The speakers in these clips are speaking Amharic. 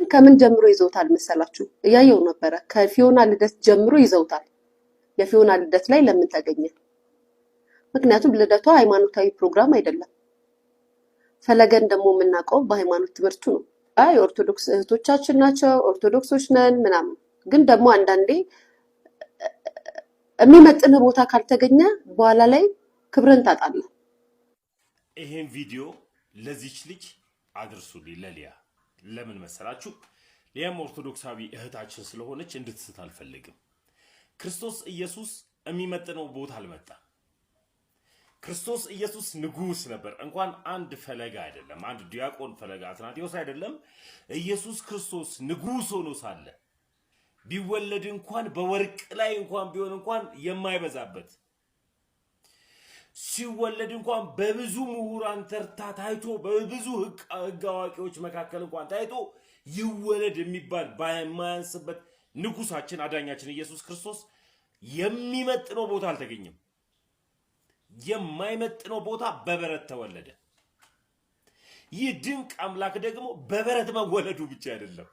ግን ከምን ጀምሮ ይዘውታል መሰላችሁ? እያየው ነበረ። ከፊዮና ልደት ጀምሮ ይዘውታል። የፊዮና ልደት ላይ ለምን ተገኘ? ምክንያቱም ልደቷ ሃይማኖታዊ ፕሮግራም አይደለም። ፈለገን ደግሞ የምናውቀው በሃይማኖት ትምህርቱ ነው። አይ ኦርቶዶክስ እህቶቻችን ናቸው፣ ኦርቶዶክሶች ነን ምናምን። ግን ደግሞ አንዳንዴ የሚመጥን ቦታ ካልተገኘ በኋላ ላይ ክብርን ታጣለህ። ይሄን ቪዲዮ ለዚች ልጅ አድርሱልኝ ለሊያ ለምን መሰላችሁ? ሊያም ኦርቶዶክሳዊ እህታችን ስለሆነች እንድትስት አልፈልግም። ክርስቶስ ኢየሱስ የሚመጥነው ቦታ አልመጣም። ክርስቶስ ኢየሱስ ንጉስ ነበር። እንኳን አንድ ፈለገ አይደለም፣ አንድ ዲያቆን ፈለገ አትናቴዎስ አይደለም። ኢየሱስ ክርስቶስ ንጉስ ሆኖ ሳለ ቢወለድ እንኳን በወርቅ ላይ እንኳን ቢሆን እንኳን የማይበዛበት ሲወለድ እንኳን በብዙ ምሁራን ተርታ ታይቶ በብዙ ህግ አዋቂዎች መካከል እንኳን ታይቶ ይወለድ የሚባል በማያንስበት ንጉሳችን አዳኛችን ኢየሱስ ክርስቶስ የሚመጥነው ቦታ አልተገኘም። የማይመጥነው ቦታ በበረት ተወለደ። ይህ ድንቅ አምላክ ደግሞ በበረት መወለዱ ብቻ አይደለም፣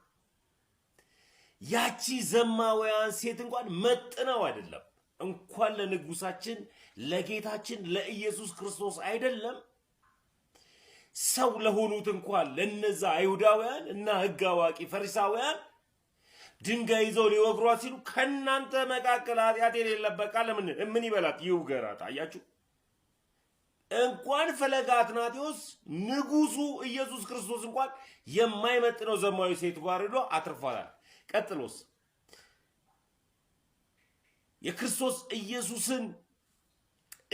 ያቺ ዘማውያን ሴት እንኳን መጥነው አይደለም እንኳን ለንጉሳችን ለጌታችን ለኢየሱስ ክርስቶስ አይደለም ሰው ለሆኑት እንኳን ለነዛ አይሁዳውያን እና ህግ አዋቂ ፈሪሳውያን ድንጋይ ይዘው ሊወግሯት ሲሉ ከእናንተ መካከል ኃጢአት የሌለበት ቃል ምን ምን ይበላት ይውገራት። አያችሁ፣ እንኳን ፈለገ አትናቴዎስ ንጉሱ ኢየሱስ ክርስቶስ እንኳን የማይመጥነው ዘማዊ ሴት ባሪዶ አትርፏታል። ቀጥሎስ የክርስቶስ ኢየሱስን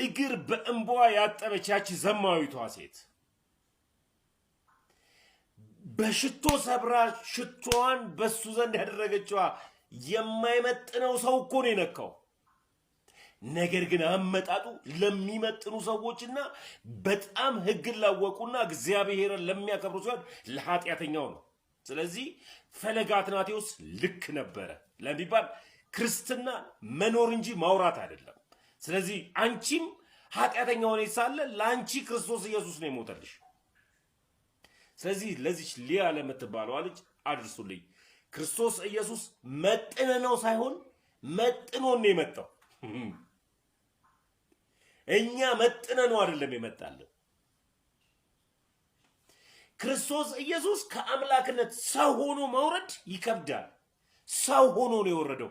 እግር በእንቧ ያጠበቻች ዘማዊቷ ሴት በሽቶ ሰብራ ሽቶዋን በሱ ዘንድ ያደረገችዋ የማይመጥነው ሰው እኮ ነው የነካው። ነገር ግን አመጣጡ ለሚመጥኑ ሰዎችና በጣም ሕግን ላወቁና እግዚአብሔርን ለሚያከብሩ ሲሆን ለኃጢአተኛው ነው። ስለዚህ ፈለገ አትናቴዎስ ልክ ነበረ ለሚባል ክርስትና መኖር እንጂ ማውራት አይደለም። ስለዚህ አንቺም ኃጢአተኛ ሆነ ሳለ ለአንቺ ክርስቶስ ኢየሱስ ነው የሞተልሽ። ስለዚህ ለዚች ሊያ ለምትባለዋ ልጅ አድርሱልኝ። ክርስቶስ ኢየሱስ መጥነ ነው ሳይሆን መጥኖን ነው የመጣው። እኛ መጥነ ነው አይደለም የመጣልን። ክርስቶስ ኢየሱስ ከአምላክነት ሰው ሆኖ መውረድ ይከብዳል። ሰው ሆኖ ነው የወረደው።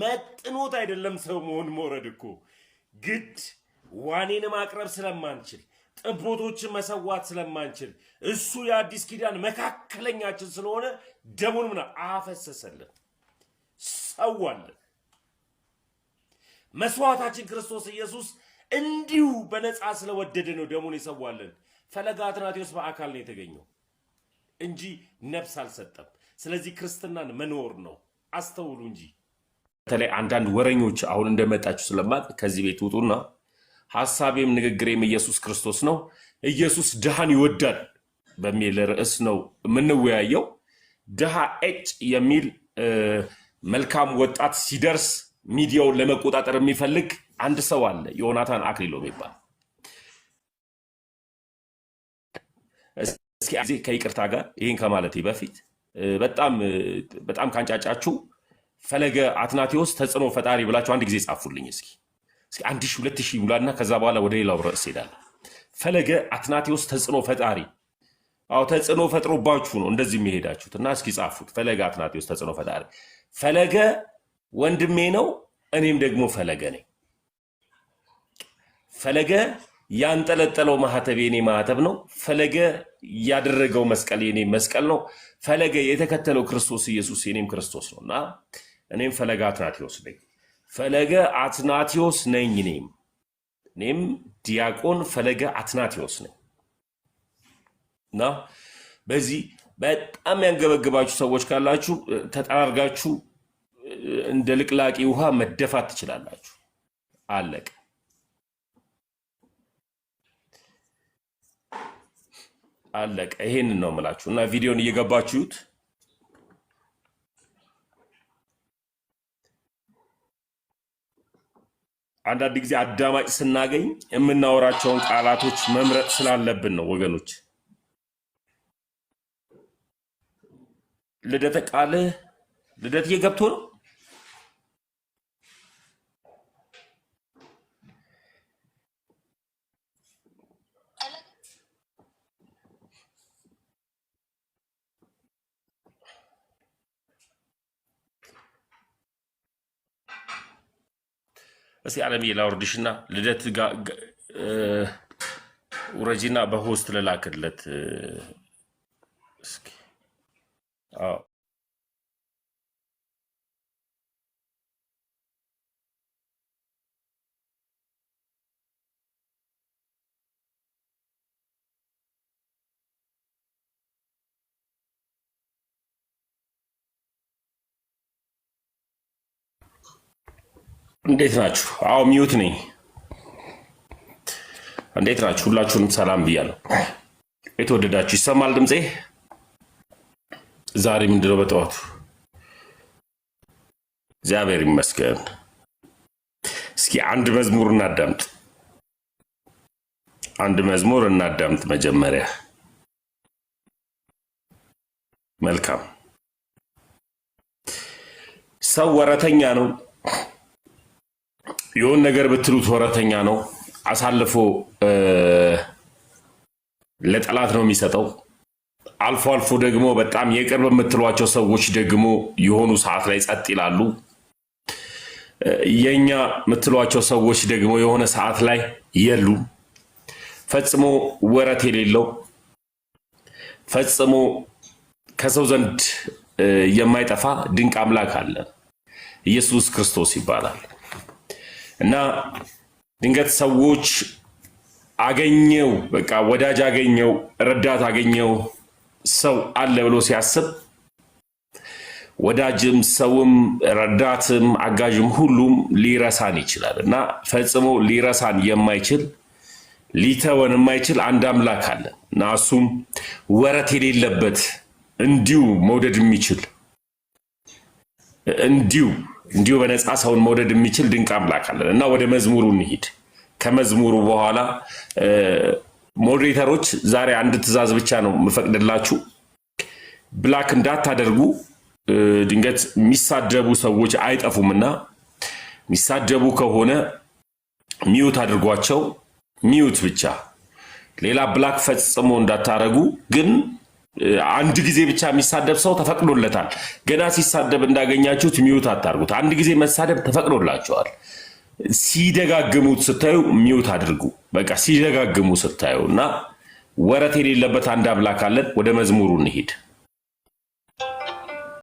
መጥኖት አይደለም ሰው መሆን መውረድ እኮ ግድ ዋኔን ማቅረብ ስለማንችል ጥቦቶችን መሰዋት ስለማንችል እሱ የአዲስ ኪዳን መካከለኛችን ስለሆነ ደሙን ምና አፈሰሰልን ሰዋለን። መስዋዕታችን ክርስቶስ ኢየሱስ እንዲሁ በነፃ ስለወደደ ነው ደሙን የሰዋለን። ፈለገ አትናቴዎስ በአካል ነው የተገኘው እንጂ ነፍስ አልሰጠም። ስለዚህ ክርስትናን መኖር ነው። አስተውሉ እንጂ በተለይ አንዳንድ ወረኞች አሁን እንደመጣችሁ ስለማጥ ከዚህ ቤት ውጡና ሀሳቤም ንግግሬም ኢየሱስ ክርስቶስ ነው፣ ኢየሱስ ድሃን ይወዳል በሚል ርዕስ ነው የምንወያየው። ድሃ ኤጭ የሚል መልካም ወጣት ሲደርስ ሚዲያውን ለመቆጣጠር የሚፈልግ አንድ ሰው አለ፣ ዮናታን አክሊሎ ይባል። እስኪ ከይቅርታ ጋር ይህን ከማለቴ በፊት በጣም በጣም ካንጫጫችሁ ፈለገ አትናቴዎስ ተጽዕኖ ፈጣሪ ብላችሁ አንድ ጊዜ ጻፉልኝ። እስኪ እስኪ አንድ ሺ ሁለት ሺ ይሙላና ከዛ በኋላ ወደ ሌላው ርዕስ ሄዳል። ፈለገ አትናቴዎስ ተጽዕኖ ፈጣሪ። አዎ ተጽዕኖ ፈጥሮባችሁ ነው እንደዚህ የሚሄዳችሁት እና እስኪ ጻፉት። ፈለገ አትናቴዎስ ተጽዕኖ ፈጣሪ። ፈለገ ወንድሜ ነው፣ እኔም ደግሞ ፈለገ ነኝ። ፈለገ ያንጠለጠለው ማህተብ የኔ ማህተብ ነው። ፈለገ ያደረገው መስቀል የኔ መስቀል ነው። ፈለገ የተከተለው ክርስቶስ ኢየሱስ የኔም ክርስቶስ ነው እና እኔም ፈለገ አትናቴዎስ ነኝ። ፈለገ አትናቴዎስ ነኝ እኔም እኔም ዲያቆን ፈለገ አትናቴዎስ ነኝ እና በዚህ በጣም ያንገበግባችሁ ሰዎች ካላችሁ ተጠራርጋችሁ እንደ ልቅላቂ ውሃ መደፋት ትችላላችሁ። አለቀ። አለቀ። ይሄንን ነው የምላችሁ እና ቪዲዮን እየገባችሁት አንዳንድ ጊዜ አዳማጭ ስናገኝ የምናወራቸውን ቃላቶች መምረጥ ስላለብን ነው ወገኖች። ልደተ ቃልህ ልደት እየገብቶ ነው። እስኪ አለምዬ ላውርድሽና ልደት ውረጂና በሆስት ልላክለት እንዴት ናችሁ? አዎ ሚዩት ነኝ። እንዴት ናችሁ? ሁላችሁንም ሰላም ብያለሁ። የተወደዳችሁ ይሰማል ድምፄ? ዛሬ ምንድነው በጠዋቱ? እግዚአብሔር ይመስገን። እስኪ አንድ መዝሙር እናዳምጥ። አንድ መዝሙር እናዳምጥ መጀመሪያ። መልካም ሰው ወረተኛ ነው የሆን ነገር ብትሉት ወረተኛ ነው። አሳልፎ ለጠላት ነው የሚሰጠው። አልፎ አልፎ ደግሞ በጣም የቅርብ የምትሏቸው ሰዎች ደግሞ የሆኑ ሰዓት ላይ ጸጥ ይላሉ። የእኛ የምትሏቸው ሰዎች ደግሞ የሆነ ሰዓት ላይ የሉም። ፈጽሞ ወረት የሌለው ፈጽሞ ከሰው ዘንድ የማይጠፋ ድንቅ አምላክ አለ። ኢየሱስ ክርስቶስ ይባላል። እና ድንገት ሰዎች አገኘው በቃ ወዳጅ አገኘው ረዳት አገኘው ሰው አለ ብሎ ሲያስብ ወዳጅም ሰውም ረዳትም አጋዥም ሁሉም ሊረሳን ይችላል እና ፈጽሞ ሊረሳን የማይችል ሊተወን የማይችል አንድ አምላክ አለ እና እሱም ወረት የሌለበት እንዲሁ መውደድ የሚችል እንዲሁ እንዲሁ በነፃ ሰውን መውደድ የሚችል ድንቅ አምላክ አለን እና ወደ መዝሙሩ እንሂድ። ከመዝሙሩ በኋላ ሞዴሬተሮች ዛሬ አንድ ትዕዛዝ ብቻ ነው የምፈቅድላችሁ፣ ብላክ እንዳታደርጉ። ድንገት የሚሳደቡ ሰዎች አይጠፉምና የሚሳደቡ ከሆነ ሚዩት አድርጓቸው፣ ሚዩት ብቻ ሌላ ብላክ ፈጽሞ እንዳታረጉ ግን አንድ ጊዜ ብቻ የሚሳደብ ሰው ተፈቅዶለታል። ገና ሲሳደብ እንዳገኛችሁት ሚዩት አታርጉት። አንድ ጊዜ መሳደብ ተፈቅዶላቸዋል። ሲደጋግሙት ስታዩ ሚዩት አድርጉ። በቃ ሲደጋግሙ ስታዩ እና ወረት የሌለበት አንድ አምላክ አለን። ወደ መዝሙሩ እንሄድ።